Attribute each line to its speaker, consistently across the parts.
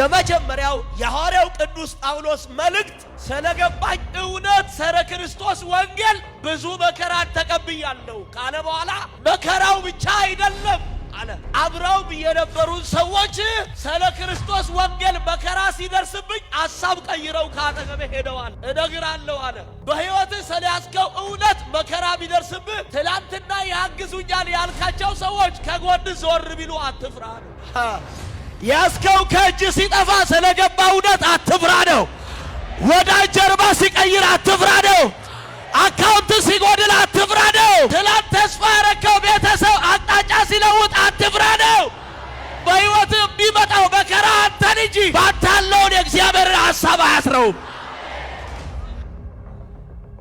Speaker 1: የመጀመሪያው የሐዋርያው ቅዱስ ጳውሎስ መልእክት ስለገባኝ እውነት ሰረ ክርስቶስ ወንጌል ብዙ መከራን ተቀብያለሁ ካለ በኋላ መከራው ብቻ አይደለም አለ። አብረው የነበሩን ሰዎች ስለ ክርስቶስ ወንጌል መከራ ሲደርስብኝ አሳብ ቀይረው ከአጠገቤ ሄደዋል። እነግራለሁ አለ። በሕይወትህ ስለያዝከው እውነት መከራ ቢደርስብህ ትላንትና ያግዙኛል ያልካቸው ሰዎች ከጎን ዞር ቢሉ አትፍራ። ያስከው ከእጅ ሲጠፋ ስለገባ እውነት አትፍራ ነው። ወዳጅ ጀርባ ሲቀይር አትፍራ ነው። አካውንት ሲጎድል አትፍራ ነው። ትላንት ተስፋ ያረከው ቤተሰብ አቅጣጫ ሲለውጥ አትፍራ ነው። በሕይወት የሚመጣው መከራ አንተን እንጂ ባታለውን የእግዚአብሔርን ሐሳብ አያስረውም።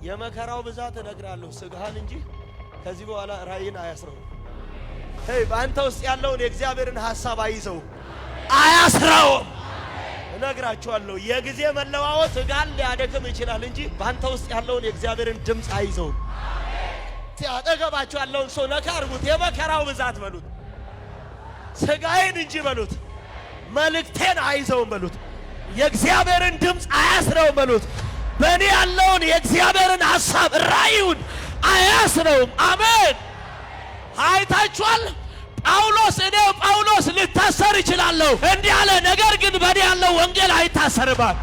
Speaker 2: የመከራው ብዛት እነግራለሁ ስጋህን እንጂ ከዚህ በኋላ ራእይን አያስረውም። በአንተ ውስጥ ያለውን የእግዚአብሔርን ሐሳብ አይዘው።
Speaker 1: አያስራውም።
Speaker 2: እነግራችኋለሁ የጊዜ መለዋወጥ ሥጋን ሊያደክም ይችላል እንጂ በአንተ ውስጥ ያለውን የእግዚአብሔርን ድምፅ አይዘውም። አጠገባችሁ ያለውን ሰው ነካ አርጉት። የመከራው ብዛት በሉት፣ ስጋዬን እንጂ በሉት፣ መልእክቴን አይዘውም በሉት፣ የእግዚአብሔርን ድምፅ አያስረውም በሉት፣ በእኔ ያለውን የእግዚአብሔርን ሐሳብ ራእዩን አያስረውም። አሜን አይታችኋል። ጳውሎስ እኔ ጳውሎስ ልታሰር ይችላለሁ እንዲህ አለ። ነገር ግን በእኔ ያለው ወንጌል አይታሰርባል።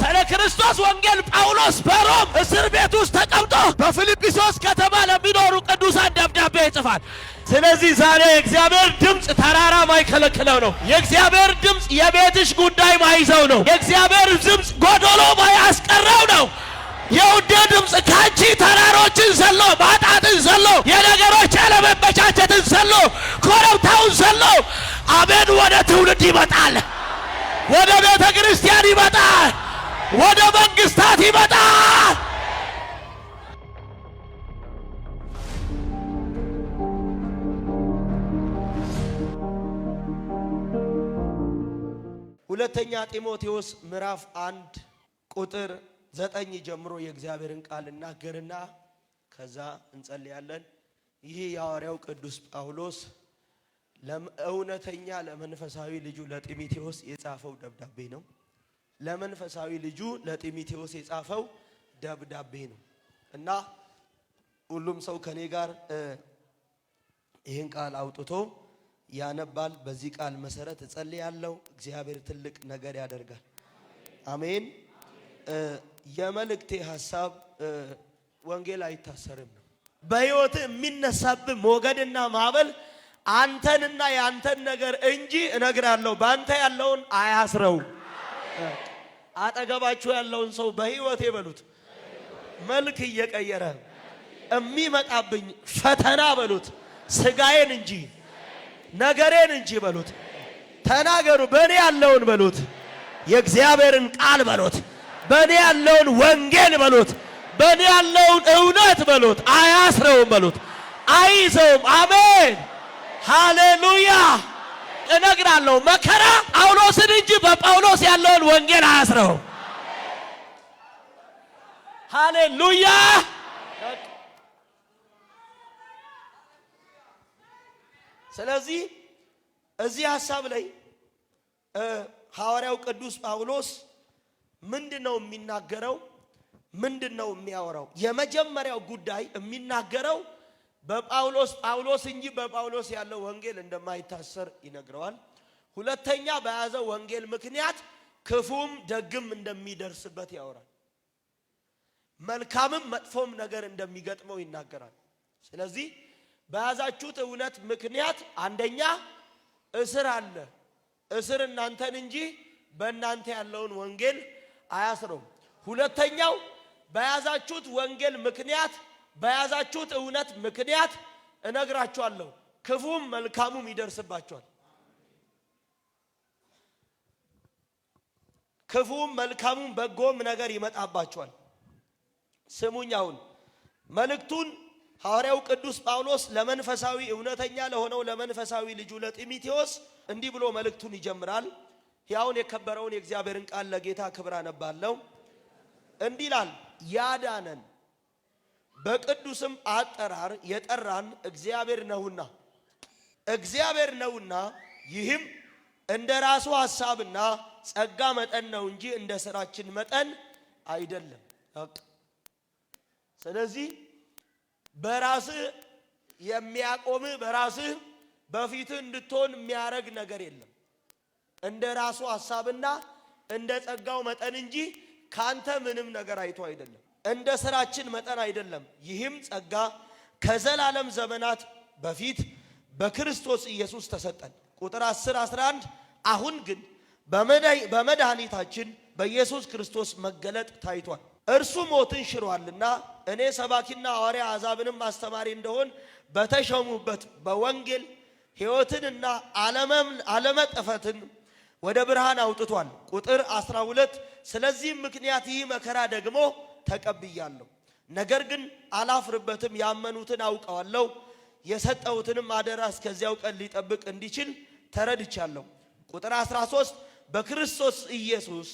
Speaker 2: ስለ ክርስቶስ ወንጌል ጳውሎስ በሮም እስር ቤት ውስጥ ተቀምጦ በፊልጵስዩስ ከተማ ለሚኖሩ ቅዱሳን ደብዳቤ ይጽፋል። ስለዚህ ዛሬ የእግዚአብሔር ድምፅ ተራራ ማይከለክለው ነው። የእግዚአብሔር ድምፅ የቤትሽ ጉዳይ ማይዘው ነው። የእግዚአብሔር ድምፅ ጎዶሎ ማያስቀረው ነው። የውዴ ድምፅ ከአንቺ ተራሮችን ዘሎ ማጣትን ዘሎ የነገሮች አለመመቻቸትን ዘሎ ኮረብታውን ዘሎ አሜን ወደ ትውልድ ይመጣል። ወደ ቤተ ክርስቲያን ይመጣል። ወደ መንግስታት ይመጣል። ሁለተኛ ጢሞቴዎስ ምዕራፍ አንድ ቁጥር ዘጠኝ ጀምሮ የእግዚአብሔርን ቃል እናገርና ከዛ እንጸልያለን። ይህ የሐዋርያው ቅዱስ ጳውሎስ እውነተኛ ለመንፈሳዊ ልጁ ለጢሞቴዎስ የጻፈው ደብዳቤ ነው። ለመንፈሳዊ ልጁ ለጢሞቴዎስ የጻፈው ደብዳቤ ነው እና ሁሉም ሰው ከኔ ጋር ይህን ቃል አውጥቶ ያነባል። በዚህ ቃል መሰረት እጸልያለሁ። እግዚአብሔር ትልቅ ነገር ያደርጋል። አሜን። የመልእክቴ ሀሳብ ወንጌል አይታሰርም ነው። በህይወት የሚነሳብህ ሞገድና ማዕበል አንተንና የአንተን ነገር እንጂ እነግራለሁ፣ በአንተ ያለውን አያስረው አጠገባችሁ ያለውን ሰው በህይወት የበሉት መልክ እየቀየረ የሚመጣብኝ ፈተና በሉት ስጋዬን እንጂ ነገሬን እንጂ በሉት ተናገሩ፣ በእኔ ያለውን በሉት የእግዚአብሔርን ቃል በሉት በእኔ ያለውን ወንጌል በሉት፣ በእኔ ያለውን እውነት በሉት፣ አያስረውም በሉት፣ አይዘውም። አሜን ሃሌሉያ። እነግራለሁ መከራ ጳውሎስን እንጂ በጳውሎስ ያለውን ወንጌል አያስረውም። ሃሌሉያ። ስለዚህ እዚህ ሀሳብ ላይ ሐዋርያው ቅዱስ ጳውሎስ ምንድነው የሚናገረው? ምንድነው የሚያወራው? የመጀመሪያው ጉዳይ የሚናገረው በጳውሎስ ጳውሎስ እንጂ በጳውሎስ ያለው ወንጌል እንደማይታሰር ይነግረዋል። ሁለተኛ በያዘው ወንጌል ምክንያት ክፉም ደግም እንደሚደርስበት ያወራል። መልካምም መጥፎም ነገር እንደሚገጥመው ይናገራል። ስለዚህ በያዛችሁት እውነት ምክንያት አንደኛ እስር አለ። እስር እናንተን እንጂ በእናንተ ያለውን ወንጌል አያስረውም። ሁለተኛው በያዛችሁት ወንጌል ምክንያት በያዛችሁት እውነት ምክንያት እነግራችኋለሁ ክፉም መልካሙም ይደርስባችኋል። ክፉም መልካሙም በጎም ነገር ይመጣባችኋል። ስሙኝ፣ አሁን መልእክቱን ሐዋርያው ቅዱስ ጳውሎስ ለመንፈሳዊ እውነተኛ ለሆነው ለመንፈሳዊ ልጁ ለጢሞቴዎስ እንዲህ ብሎ መልእክቱን ይጀምራል። ያውን የከበረውን የእግዚአብሔርን ቃል ለጌታ ክብር አነባለሁ። እንዲህ ይላል ያዳነን በቅዱስም አጠራር የጠራን እግዚአብሔር ነውና እግዚአብሔር ነውና ይህም እንደ ራሱ ሐሳብና ጸጋ መጠን ነው እንጂ እንደ ስራችን መጠን አይደለም። ስለዚህ በራስህ የሚያቆምህ በራስህ በፊትህ እንድትሆን የሚያረግ ነገር የለም። እንደ ራሱ ሐሳብና እንደ ጸጋው መጠን እንጂ ካንተ ምንም ነገር አይቶ አይደለም፣ እንደ ስራችን መጠን አይደለም። ይህም ጸጋ ከዘላለም ዘመናት በፊት በክርስቶስ ኢየሱስ ተሰጠን። ቁጥር 10 11 አሁን ግን በመድኃኒታችን በኢየሱስ ክርስቶስ መገለጥ ታይቷል። እርሱ ሞትን ሽሯልና እኔ ሰባኪና ሐዋርያ አሕዛብንም አስተማሪ እንደሆን በተሾሙበት በወንጌል ሕይወትንና ዓለመጥፈትን ወደ ብርሃን አውጥቷል። ቁጥር 12 ስለዚህም ምክንያት ይህ መከራ ደግሞ ተቀብያለሁ፣ ነገር ግን አላፍርበትም። ያመኑትን አውቀዋለሁ፣ የሰጠሁትንም አደራ እስከዚያው ቀን ሊጠብቅ እንዲችል ተረድቻለሁ። ቁጥር 13 በክርስቶስ ኢየሱስ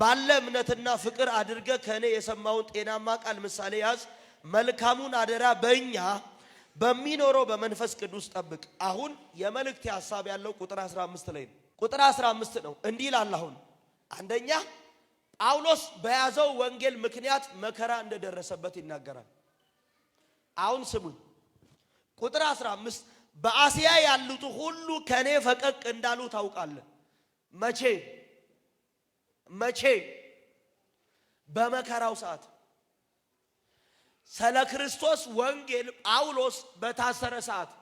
Speaker 2: ባለ እምነትና ፍቅር አድርገ ከእኔ የሰማውን ጤናማ ቃል ምሳሌ ያዝ። መልካሙን አደራ በእኛ በሚኖረው በመንፈስ ቅዱስ ጠብቅ። አሁን የመልእክቴ ሐሳብ ያለው ቁጥር 15 ላይ ነው። ቁጥር 15 ነው። እንዲህ ይላል። አሁን አንደኛ ጳውሎስ በያዘው ወንጌል ምክንያት መከራ እንደደረሰበት ይናገራል። አሁን ስሙኝ። ቁጥር 15 በአስያ ያሉት ሁሉ ከኔ ፈቀቅ እንዳሉ ታውቃለህ። መቼ መቼ? በመከራው ሰዓት ስለ ክርስቶስ ወንጌል ጳውሎስ በታሰረ ሰዓት።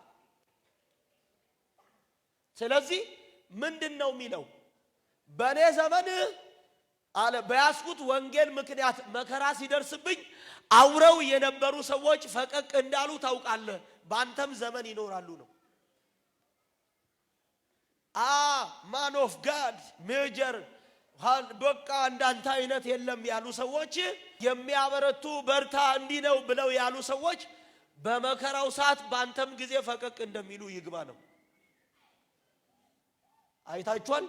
Speaker 2: ስለዚህ ምንድን ነው የሚለው? በእኔ ዘመን አለ በያዝኩት ወንጌል ምክንያት መከራ ሲደርስብኝ አውረው የነበሩ ሰዎች ፈቀቅ እንዳሉ ታውቃለህ፣ በአንተም ዘመን ይኖራሉ ነው። አ ማን ኦፍ ጋድ ሜጀር በቃ እንዳንተ አይነት የለም ያሉ ሰዎች፣ የሚያበረቱ በርታ እንዲህ ነው ብለው ያሉ ሰዎች በመከራው ሰዓት በአንተም ጊዜ ፈቀቅ እንደሚሉ ይግባ ነው። አይታችኋል።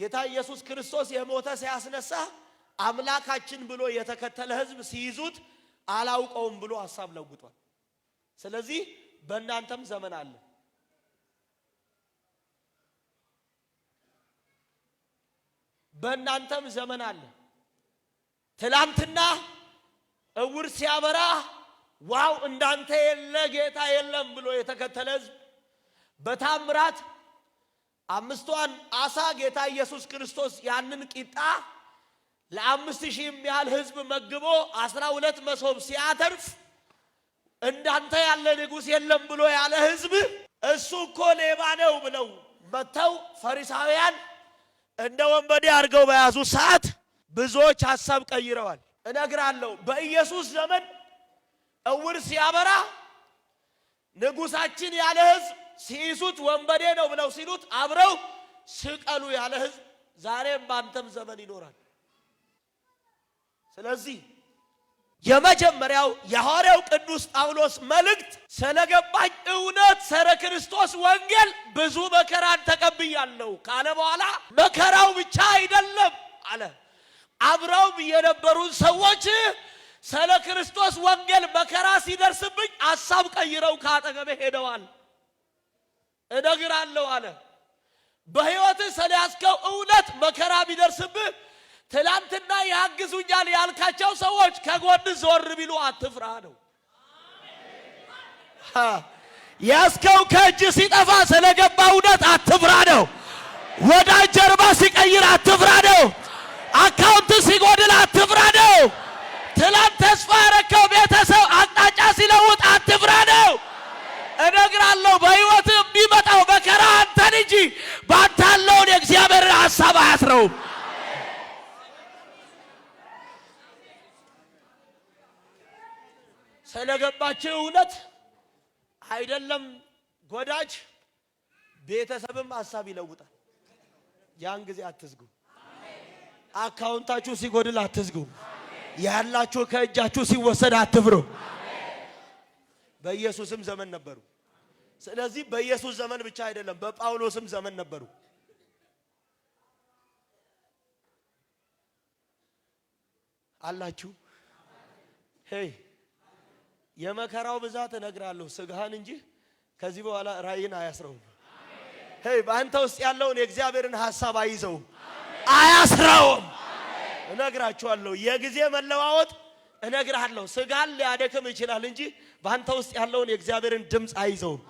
Speaker 2: ጌታ ኢየሱስ ክርስቶስ የሞተ ሲያስነሳ አምላካችን ብሎ የተከተለ ህዝብ ሲይዙት አላውቀውም ብሎ ሀሳብ ለውጧል። ስለዚህ በእናንተም ዘመን አለ። በእናንተም ዘመን አለ። ትላንትና እውር ሲያበራ ዋው እንዳንተ የለ ጌታ የለም ብሎ የተከተለ ህዝብ በታምራት አምስቷን አሳ ጌታ ኢየሱስ ክርስቶስ ያንን ቂጣ ለአምስት ሺህ የሚያህል ሕዝብ መግቦ አስራ ሁለት መሶብ ሲያተርፍ እንዳንተ ያለ ንጉሥ የለም ብሎ ያለ ሕዝብ እሱ እኮ ሌባ ነው ብለው መጥተው ፈሪሳውያን እንደ ወንበዴ አድርገው በያዙ ሰዓት ብዙዎች ሐሳብ ቀይረዋል። እነግራለሁ በኢየሱስ ዘመን እውር ሲያበራ ንጉሳችን ያለ ሕዝብ ሲይዙት ወንበዴ ነው ብለው ሲሉት አብረው ስቀሉ ያለ ህዝብ ዛሬም በአንተም ዘመን ይኖራል። ስለዚህ የመጀመሪያው የሐዋርያው ቅዱስ ጳውሎስ መልእክት ስለገባኝ እውነት ሰረ ክርስቶስ ወንጌል ብዙ መከራን ተቀብያለሁ ካለ በኋላ መከራው ብቻ አይደለም አለ። አብረውም የነበሩን ሰዎች ስለ ክርስቶስ ወንጌል መከራ ሲደርስብኝ አሳብ ቀይረው ከአጠገቤ ሄደዋል። እነግራለሁ አለ። በህይወት ስለያዝከው እውነት መከራ ቢደርስብህ ትላንትና ያግዙኛል ያልካቸው ሰዎች ከጎን ዞር ቢሉ አትፍራ ነው። ያዝከው ከእጅ ሲጠፋ ስለገባ እውነት አትፍራ ነው። ወዳጅ ጀርባ ሲቀይር አትፍራ ነው። አካውንት ሲጎድል አትፍራ ነው። ትላንት ተስፋ ያረከው ቤተሰብ አቅጣጫ ሲለውጥ አትፍራ ነው። እነግራለሁ በሕይወት ሰራው። ስለገባችሁ እውነት አይደለም ጎዳጅ ቤተሰብም ሀሳብ ይለውጣል። ያን ጊዜ አትዝጉ። አካውንታችሁ ሲጎድል አትዝጉ። ያላችሁ ከእጃችሁ ሲወሰድ አትፍሩ። በኢየሱስም ዘመን ነበሩ። ስለዚህ በኢየሱስ ዘመን ብቻ አይደለም፣ በጳውሎስም ዘመን ነበሩ። አላችሁ። ሄይ የመከራው ብዛት እነግራለሁ ስጋህን እንጂ ከዚህ በኋላ ራእይን አያስረውም። ሄይ በአንተ ውስጥ ያለውን የእግዚአብሔርን ሐሳብ አይዘውም፣ አያስረውም። እነግራችኋለሁ የጊዜ መለዋወጥ እነግራለሁ ስጋን ሊያደክም ይችላል እንጂ በአንተ ውስጥ ያለውን የእግዚአብሔርን ድምፅ አይዘውም።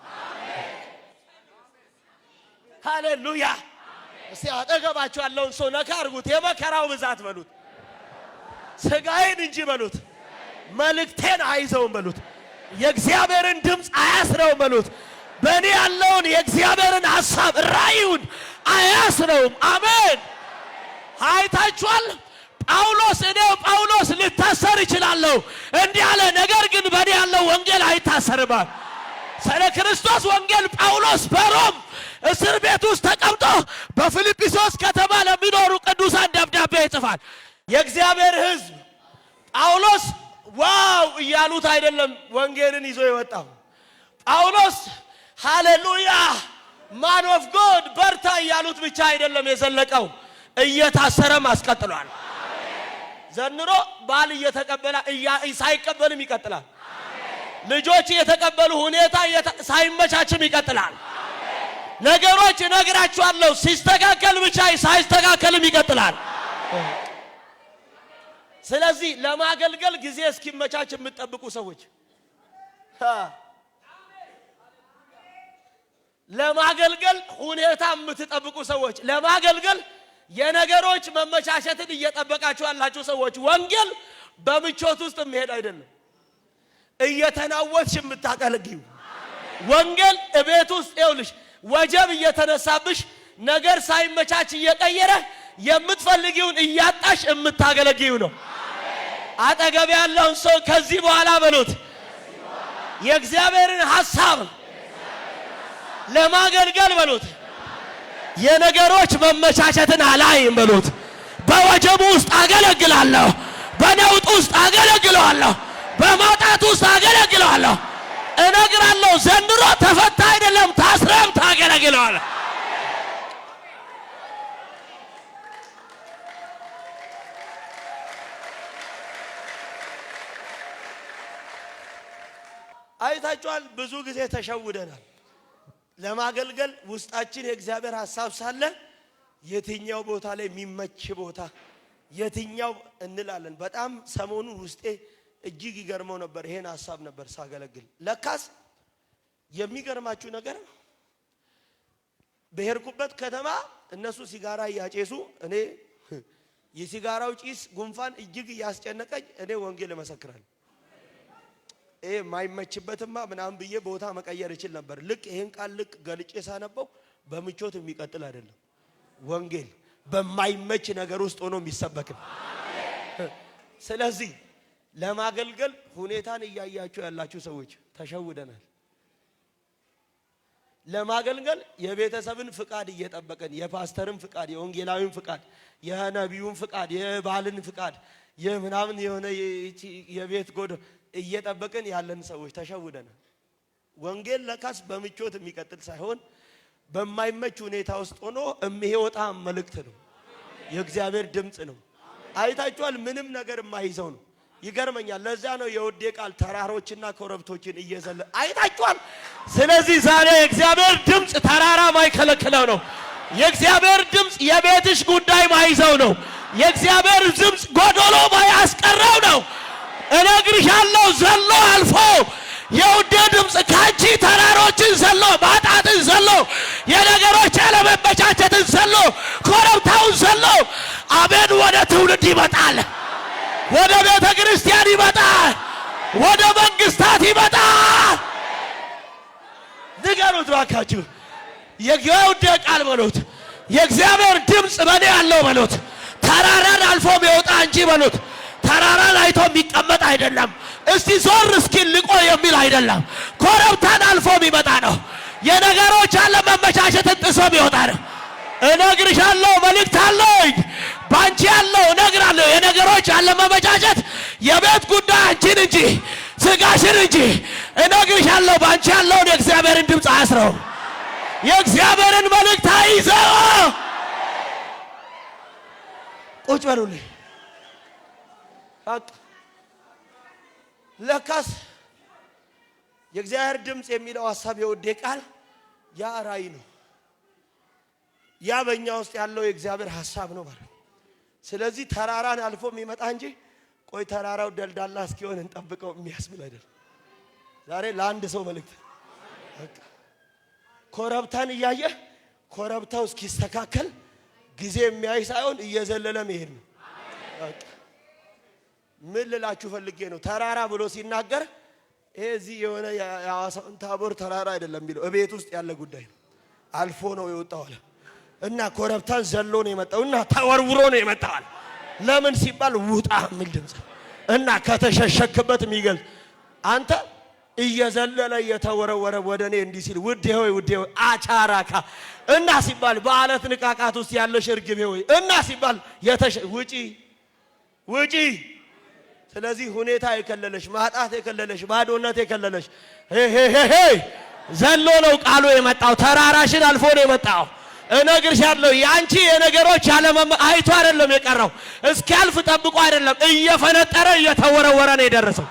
Speaker 2: ሃሌሉያ! እስቲ አጠገባችሁ ያለውን ሰው ነካ አርጉት፣ የመከራው ብዛት በሉት ስጋዬን እንጂ በሉት፣ መልእክቴን አይዘውም በሉት፣ የእግዚአብሔርን ድምፅ አያስረውም በሉት፣ በእኔ ያለውን የእግዚአብሔርን ሐሳብ ራእዩን አያስረውም። አሜን። አይታችኋል። ጳውሎስ እኔ ጳውሎስ ልታሰር ይችላለሁ እንዲህ አለ። ነገር ግን በእኔ ያለው ወንጌል አይታሰርባል። ስለ ክርስቶስ ወንጌል ጳውሎስ በሮም እስር ቤት ውስጥ ተቀምጦ በፊልጵስዩስ ከተማ ለሚኖሩ ቅዱሳን ደብዳቤ ይጽፋል። የእግዚአብሔር ሕዝብ ጳውሎስ ዋው እያሉት አይደለም ወንጌልን ይዞ የወጣው ጳውሎስ ሃሌሉያ ማን ኦፍ ጎድ በርታ እያሉት ብቻ አይደለም የዘለቀው፣ እየታሰረም አስቀጥሏል። ዘንድሮ ባል እየተቀበለ ሳይቀበልም ይቀጥላል። ልጆች እየተቀበሉ ሁኔታ ሳይመቻችም ይቀጥላል። ነገሮች እነግራችኋለሁ ሲስተካከል ብቻ ሳይስተካከልም ይቀጥላል። ስለዚህ ለማገልገል ጊዜ እስኪመቻች የምትጠብቁ ሰዎች ለማገልገል ሁኔታ የምትጠብቁ ሰዎች ለማገልገል የነገሮች መመቻቸትን እየጠበቃችሁ ያላችሁ ሰዎች ወንጌል በምቾት ውስጥ የሚሄድ አይደለም። እየተናወትሽ የምታቀልጊው ወንጌል እቤት ውስጥ ይውልሽ ወጀብ እየተነሳብሽ ነገር ሳይመቻች እየቀየረ የምትፈልጊውን እያጣሽ የምታገለግዩ ነው። አጠገብ ያለውን ሰው ከዚህ በኋላ በሉት የእግዚአብሔርን ሐሳብ ለማገልገል በሉት የነገሮች መመቻቸትን አላይም በሉት። በወጀቡ ውስጥ አገለግላለሁ፣ በነውጥ ውስጥ አገለግለዋለሁ፣ በማጣት ውስጥ አገለግለዋለሁ። እነግራለሁ ዘንድሮ ተፈታ አይደለም ታስረም ታገለግለዋለሁ። አይታችኋል። ብዙ ጊዜ ተሸውደናል። ለማገልገል ውስጣችን የእግዚአብሔር ሀሳብ ሳለ የትኛው ቦታ ላይ የሚመች ቦታ የትኛው እንላለን። በጣም ሰሞኑን ውስጤ እጅግ ይገርመው ነበር። ይሄን ሀሳብ ነበር ሳገለግል። ለካስ የሚገርማችሁ ነገር በሄድኩበት ከተማ እነሱ ሲጋራ እያጨሱ እኔ የሲጋራው ጭስ ጉንፋን እጅግ እያስጨነቀኝ እኔ ወንጌል እመሰክራለሁ። ይሄ የማይመችበትማ ምናምን ብዬ ቦታ መቀየር ይችል ነበር። ልክ ይሄን ቃል ልክ ገልጬ ሳነበው በምቾት የሚቀጥል አይደለም። ወንጌል በማይመች ነገር ውስጥ ሆኖ የሚሰበክም። ስለዚህ ለማገልገል ሁኔታን እያያችሁ ያላችሁ ሰዎች ተሸውደናል። ለማገልገል የቤተሰብን ፍቃድ እየጠበቀን የፓስተርን ፍቃድ፣ የወንጌላዊን ፍቃድ፣ የነቢዩን ፍቃድ፣ የባልን ፍቃድ፣ የምናምን የሆነ የቤት ጎደ እየጠበቅን ያለን ሰዎች ተሸውደናል። ወንጌል ለካስ በምቾት የሚቀጥል ሳይሆን በማይመች ሁኔታ ውስጥ ሆኖ የሚወጣ መልእክት ነው። የእግዚአብሔር ድምፅ ነው። አይታችኋል። ምንም ነገር የማይዘው ነው። ይገርመኛል። ለዛ ነው የውዴ ቃል ተራሮችና ኮረብቶችን እየዘለ አይታችኋል። ስለዚህ ዛሬ የእግዚአብሔር ድምፅ ተራራ ማይከለክለው ነው። የእግዚአብሔር ድምፅ የቤትሽ ጉዳይ ማይዘው ነው። የእግዚአብሔር ድምፅ ጎዶሎ ማያስቀረው ነው። እነግርሻለሁ ዘሎ አልፎ የውዴ ድምፅ ከአንቺ ተራሮችን ዘሎ ማጣትን ዘሎ የነገሮች አለመመቻቸትን ዘሎ ኮረብታውን ዘሎ አሜን ወደ ትውልድ ይመጣል። ወደ ቤተ ክርስቲያን ይመጣል። ወደ መንግስታት ይመጣል። ንገሩት ባካችሁ፣ የውዴ ቃል በሉት። የእግዚአብሔር ድምፅ በእኔ ያለው በሉት። ተራራን አልፎ የሚወጣ እንጂ በሉት ተራራ አይቶ የሚቀመጥ አይደለም። እስቲ ዞር እስኪል ልቆ የሚል አይደለም። ኮረብታን አልፎ የሚመጣ ነው። የነገሮች አለመመቻቸትን ጥሶ የሚወጣ ነው። እነግርሻለሁ፣ መልእክት አለኝ ባንቺ ያለው እነግራለሁ። የነገሮች መመቻቸት የቤት ጉዳይ አንቺን እንጂ ስጋሽን እንጂ እነግርሻለሁ፣ ባንቺ ያለውን የእግዚአብሔርን ድምፅ አያስረው፣ የእግዚአብሔርን መልእክት አይዘው። ቁጭ በሉልኝ። ለካስ የእግዚአብሔር ድምፅ የሚለው ሀሳብ የወዴ ቃል ያ ራእይ ነው። ያ በእኛ ውስጥ ያለው የእግዚአብሔር ሀሳብ ነው ማለት ስለዚህ ተራራን አልፎ የሚመጣ እንጂ ቆይ ተራራው ደልዳላ እስኪሆን እንጠብቀው የሚያስብል አይደለም። ዛሬ ለአንድ ሰው መልእክት ኮረብታን እያየ ኮረብታው እስኪስተካከል ጊዜ የሚያይ ሳይሆን እየዘለለ መሄድ ነው። ምን ልላችሁ ፈልጌ ነው? ተራራ ብሎ ሲናገር ይሄ እዚህ የሆነ የሐዋሳውን ታቦር ተራራ አይደለም የሚለው እቤት ውስጥ ያለ ጉዳይ ነው። አልፎ ነው የወጣው አለ እና ኮረብታን ዘሎ ነው የመጣው እና ተወርውሮ ነው የመጣዋል። ለምን ሲባል ውጣ የሚል ድምፅ እና ከተሸሸክበት የሚገልጽ አንተ እየዘለለ እየተወረወረ ወደ እኔ እንዲህ ሲል ውዴ ሆይ ውዴ ሆይ አቻራካ እና ሲባል በአለት ንቃቃት ውስጥ ያለሽ እርግቤ ሆይ እና ሲባል ውጪ ውጪ ስለዚህ ሁኔታ የከለለሽ ማጣት የከለለሽ ባዶነት የከለለሽ ዘሎ ነው ቃሉ የመጣው። ተራራሽን አልፎ ነው የመጣው። እነግርሻለሁ የአንቺ የነገሮች አለመመ አይቶ አይደለም የቀረው እስኪያልፍ ጠብቆ አይደለም እየፈነጠረ እየተወረወረ ነው የደረሰው።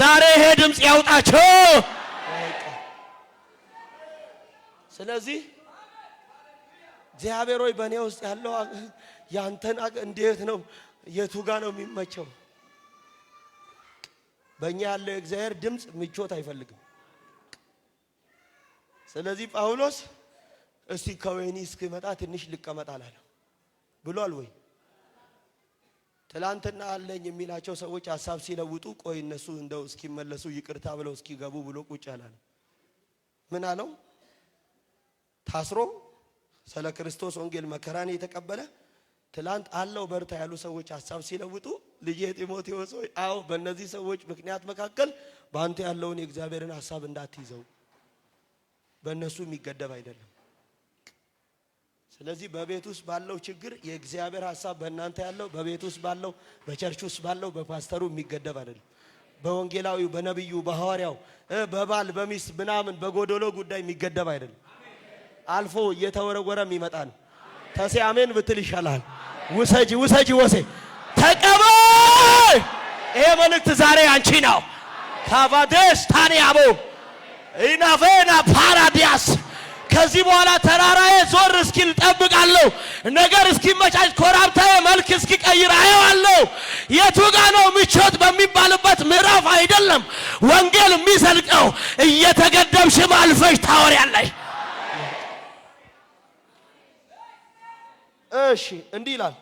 Speaker 2: ዛሬ ይሄ ድምፅ ያውጣቸው። ስለዚህ እግዚአብሔር ሆይ በእኔ ውስጥ ያለው ያንተን እንዴት ነው የቱ ጋ ነው የሚመቸው? በእኛ ያለው የእግዚአብሔር ድምፅ ምቾት አይፈልግም። ስለዚህ ጳውሎስ እስቲ ከወይኒ እስክመጣ ትንሽ ልቀመጥ ብሏል ወይ? ትላንትና አለኝ የሚላቸው ሰዎች ሀሳብ ሲለውጡ ቆይ እነሱ እንደው እስኪመለሱ ይቅርታ ብለው እስኪገቡ ብሎ ቁጭ አላለም። ምን አለው? ታስሮ ስለ ክርስቶስ ወንጌል መከራን የተቀበለ ትላንት አለው በርታ ያሉ ሰዎች ሀሳብ ሲለውጡ ልጄ ጢሞቴዎስ ሆይ አዎ በእነዚህ ሰዎች ምክንያት መካከል በአንተ ያለውን የእግዚአብሔርን ሀሳብ እንዳትይዘው። በእነሱ የሚገደብ አይደለም። ስለዚህ በቤት ውስጥ ባለው ችግር የእግዚአብሔር ሀሳብ በእናንተ ያለው በቤት ውስጥ ባለው፣ በቸርች ውስጥ ባለው፣ በፓስተሩ የሚገደብ አይደለም። በወንጌላዊው፣ በነቢዩ፣ በሐዋርያው፣ በባል በሚስት ምናምን በጎደሎ ጉዳይ የሚገደብ አይደለም። አልፎ እየተወረወረ የሚመጣ ነው። ተሴ አሜን ብትል ይሻላል። ውሰጂ ውሰጂ ወሴ ተቀበ ይሄ መልእክት ዛሬ አንቺ ነው። ካቫዴስ ታኒያቦ ኢናቬና ፓራዲያስ ከዚህ በኋላ ተራራዬ ዞር እስኪል ጠብቃለሁ። ነገር እስኪመቻች ኮራብታዬ መልክ እስኪቀይር አየዋለሁ። የቱ ጋ ነው ምቾት በሚባልበት ምዕራፍ አይደለም ወንጌል የሚሰልቀው። እየተገደብሽም አልፈሽ ታወሪያለሽ። እሺ እንዲህ ይላል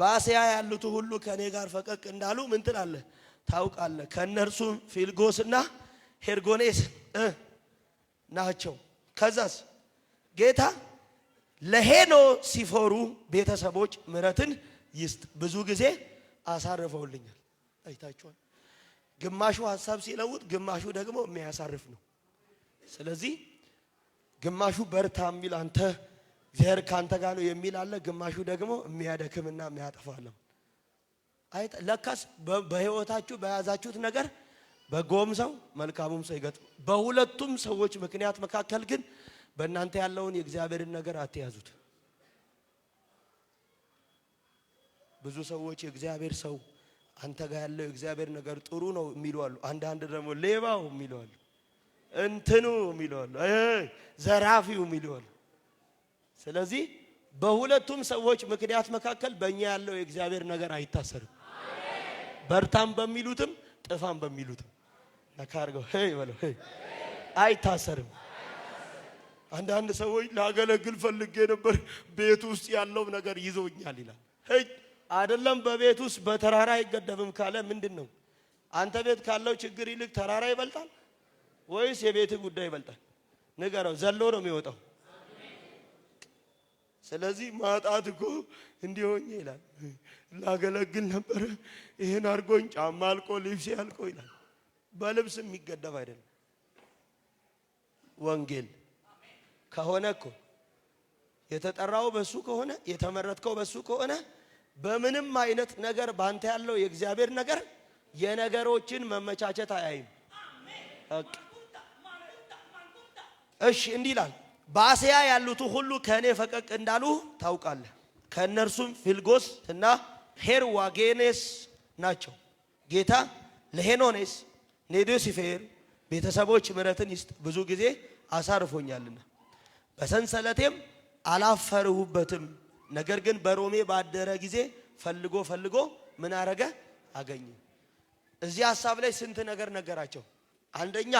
Speaker 2: በአስያ ያሉት ሁሉ ከኔ ጋር ፈቀቅ እንዳሉ ምን ትላለህ ታውቃለህ። ከእነርሱም ፊልጎስና ሄርጎኔስ ናቸው። ከዛስ ጌታ ለሄኖ ሲፎሩ ቤተሰቦች ምረትን ይስጥ ብዙ ጊዜ አሳርፈውልኛል። አይታችኋል። ግማሹ ሀሳብ ሲለውጥ፣ ግማሹ ደግሞ የሚያሳርፍ ነው። ስለዚህ ግማሹ በርታ የሚል አንተ እግዚአብሔር ካንተ ጋር ነው የሚል አለ። ግማሹ ደግሞ የሚያደክምና የሚያጠፋለም። አይ ለካስ በህይወታችሁ በያዛችሁት ነገር በጎም ሰው መልካሙም ሰው ይገጥም። በሁለቱም ሰዎች ምክንያት መካከል ግን በእናንተ ያለውን የእግዚአብሔርን ነገር አትያዙት። ብዙ ሰዎች የእግዚአብሔር ሰው አንተ ጋር ያለው የእግዚአብሔር ነገር ጥሩ ነው የሚሉ አሉ። አንዳንድ ደግሞ ሌባው የሚሉ አሉ፣ እንትኑ የሚሉ አሉ፣ ዘራፊው የሚሉ አሉ። ስለዚህ በሁለቱም ሰዎች ምክንያት መካከል በእኛ ያለው የእግዚአብሔር ነገር አይታሰርም። በርታም በሚሉትም ጥፋም በሚሉትም ነካ ሄይ በለው ሄይ አይታሰርም። አንዳንድ ሰዎች ላገለግል ፈልጌ ነበር ቤት ውስጥ ያለው ነገር ይዞኛል ይላል። ሄይ አይደለም በቤት ውስጥ በተራራ አይገደብም ካለ ምንድን ነው? አንተ ቤት ካለው ችግር ይልቅ ተራራ ይበልጣል ወይስ የቤት ጉዳይ ይበልጣል? ንገረው። ዘሎ ነው የሚወጣው ስለዚህ ማጣት እኮ እንዲሆኝ ይላል። ላገለግል ነበረ ይህን አድርጎኝ ጫማ አልቆ ልብስ ያልቆ ይላል። በልብስ የሚገደብ አይደለም ወንጌል ከሆነ እኮ የተጠራው በሱ ከሆነ የተመረጥከው በሱ ከሆነ በምንም አይነት ነገር ባንተ ያለው የእግዚአብሔር ነገር የነገሮችን መመቻቸት አያይም። እሺ እንዲህ ይላል በአስያ ያሉት ሁሉ ከእኔ ፈቀቅ እንዳሉ ታውቃለህ። ከእነርሱም ፊልጎስ እና ሄርዋጌኔስ ናቸው። ጌታ ለሄኖኔስ ኔዶሲፌር ቤተሰቦች ምረትን ይስጥ፣ ብዙ ጊዜ አሳርፎኛልና በሰንሰለቴም አላፈርሁበትም። ነገር ግን በሮሜ ባደረ ጊዜ ፈልጎ ፈልጎ ምን አረገ? አገኘ። እዚህ ሀሳብ ላይ ስንት ነገር ነገራቸው። አንደኛ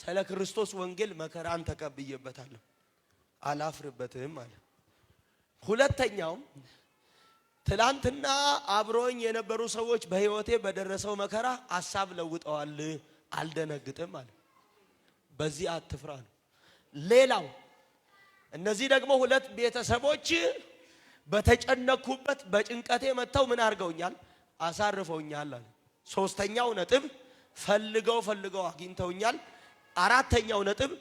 Speaker 2: ስለ ክርስቶስ ወንጌል መከራን ተቀብዬበታለሁ አላፍርበትም አለ። ሁለተኛውም ትላንትና አብሮኝ የነበሩ ሰዎች በህይወቴ በደረሰው መከራ ሀሳብ ለውጠዋል፣ አልደነግጥም አለ። በዚህ አትፍራ ነው። ሌላው እነዚህ ደግሞ ሁለት ቤተሰቦች በተጨነኩበት በጭንቀቴ መጥተው ምን አድርገውኛል? አሳርፈውኛል አለ። ሶስተኛው ነጥብ ፈልገው ፈልገው አግኝተውኛል። አራተኛው ነጥብ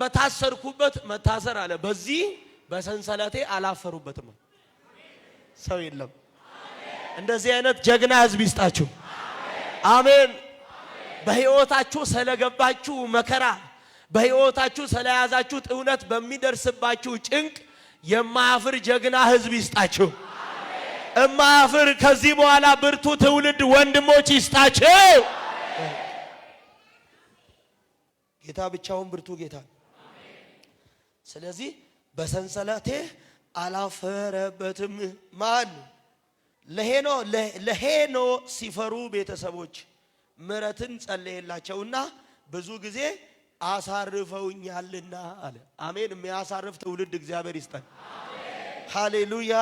Speaker 2: በታሰርኩበት መታሰር አለ። በዚህ በሰንሰለቴ አላፈሩበትም። ሰው የለም። እንደዚህ አይነት ጀግና ህዝብ ይስጣችሁ። አሜን። በህይወታችሁ ስለገባችሁ መከራ፣ በህይወታችሁ ስለያዛችሁ እውነት፣ በሚደርስባችሁ ጭንቅ የማያፍር ጀግና ህዝብ ይስጣችሁ። እማያፍር ከዚህ በኋላ ብርቱ ትውልድ ወንድሞች ይስጣችሁ። ጌታ ብቻውን ብርቱ ጌታ። ስለዚህ በሰንሰለቴ አላፈረበትም። ማን ለሄኖ ለሄኖ ሲፈሩ ቤተሰቦች ምረትን ጸለየላቸውና ብዙ ጊዜ አሳርፈውኛልና አለ። አሜን። የሚያሳርፍ ትውልድ እግዚአብሔር ይስጠን። ሃሌሉያ።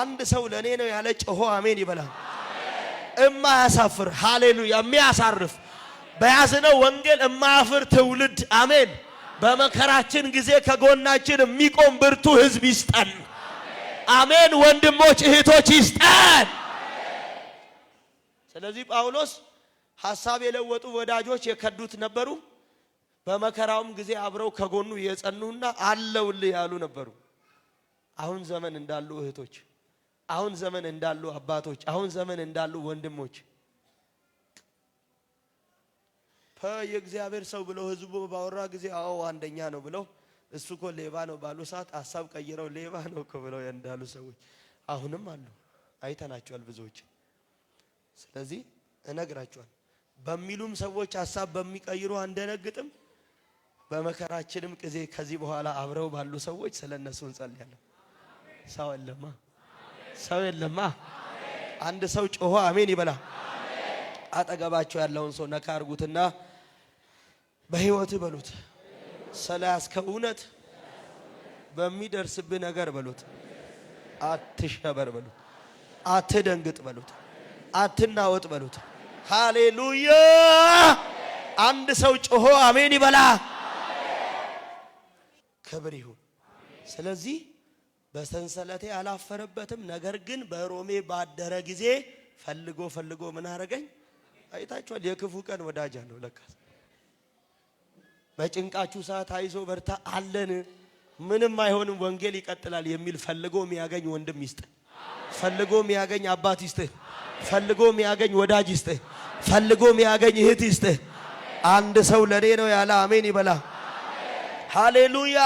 Speaker 2: አንድ ሰው ለእኔ ነው ያለ ጮሆ አሜን ይበላል። እማያሳፍር ሃሌሉያ፣ የሚያሳርፍ በያዝነው ወንጌል እማያፍር ትውልድ አሜን። በመከራችን ጊዜ ከጎናችን የሚቆም ብርቱ ህዝብ ይስጠን። አሜን። ወንድሞች እህቶች ይስጠን። ስለዚህ ጳውሎስ ሐሳብ የለወጡ ወዳጆች የከዱት ነበሩ። በመከራውም ጊዜ አብረው ከጎኑ የጸኑና አለውል ያሉ ነበሩ። አሁን ዘመን እንዳሉ እህቶች፣ አሁን ዘመን እንዳሉ አባቶች፣ አሁን ዘመን እንዳሉ ወንድሞች የእግዚአብሔር ሰው ብለው ህዝቡ ባወራ ጊዜ አዎ አንደኛ ነው ብለው እሱ እኮ ሌባ ነው ባሉ ሰዓት ሀሳብ ቀይረው ሌባ ነው እኮ ብለው እንዳሉ ሰዎች አሁንም አሉ። አይተናቸዋል ብዙዎች። ስለዚህ እነግራቸዋል በሚሉም ሰዎች ሀሳብ በሚቀይሩ አንደነግጥም። በመከራችንም ጊዜ ከዚህ በኋላ አብረው ባሉ ሰዎች ስለ እነሱ እንጸልያለን። ሰው የለማ ሰው የለማ። አንድ ሰው ጮሆ አሜን ይበላ። አጠገባቸው ያለውን ሰው ነካ አርጉትና በህይወት በሉት ሰላስ ከእውነት በሚደርስብህ ነገር በሉት አትሸበር በሉት አትደንግጥ በሉት አትናወጥ በሉት። ሃሌሉያ! አንድ ሰው ጮሆ አሜን ይበላ። ክብር ይሁን። ስለዚህ በሰንሰለቴ አላፈረበትም። ነገር ግን በሮሜ ባደረ ጊዜ ፈልጎ ፈልጎ ምን አረገኝ? አይታችኋል። የክፉ ቀን ወዳጅ አለው ለካስ በጭንቃችሁ ሰዓት አይዞ በርታ አለን፣ ምንም አይሆንም፣ ወንጌል ይቀጥላል የሚል ፈልጎ የሚያገኝ ወንድም ይስጥ፣ ፈልጎ የሚያገኝ አባት ይስጥ፣ ፈልጎ የሚያገኝ ወዳጅ ይስጥ፣ ፈልጎ የሚያገኝ እህት ይስጥ። አንድ ሰው ለኔ ነው ያለ አሜን ይበላ። ሃሌሉያ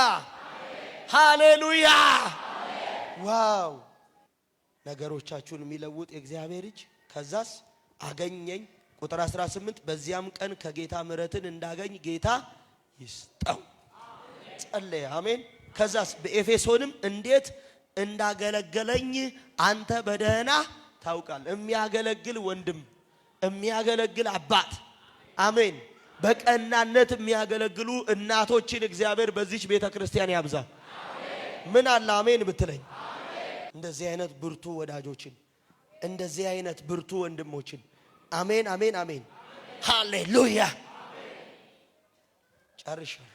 Speaker 2: ሃሌሉያ። ዋው ነገሮቻችሁን የሚለውጥ የእግዚአብሔር እጅ። ከዛስ አገኘኝ ቁጥር 18 በዚያም ቀን ከጌታ ምሕረትን እንዳገኝ ጌታ ይስጠው ጸለየ። አሜን። ከዛስ በኤፌሶንም እንዴት እንዳገለገለኝ አንተ በደህና ታውቃል። የሚያገለግል ወንድም፣ የሚያገለግል አባት፣ አሜን። በቀናነት የሚያገለግሉ እናቶችን እግዚአብሔር በዚች ቤተ ክርስቲያን ያብዛ። ምን አለ አሜን ብትለኝ፣ እንደዚህ አይነት ብርቱ ወዳጆችን፣ እንደዚህ አይነት ብርቱ ወንድሞችን። አሜን፣ አሜን፣ አሜን። ሃሌሉያ ጨርሻለሁ።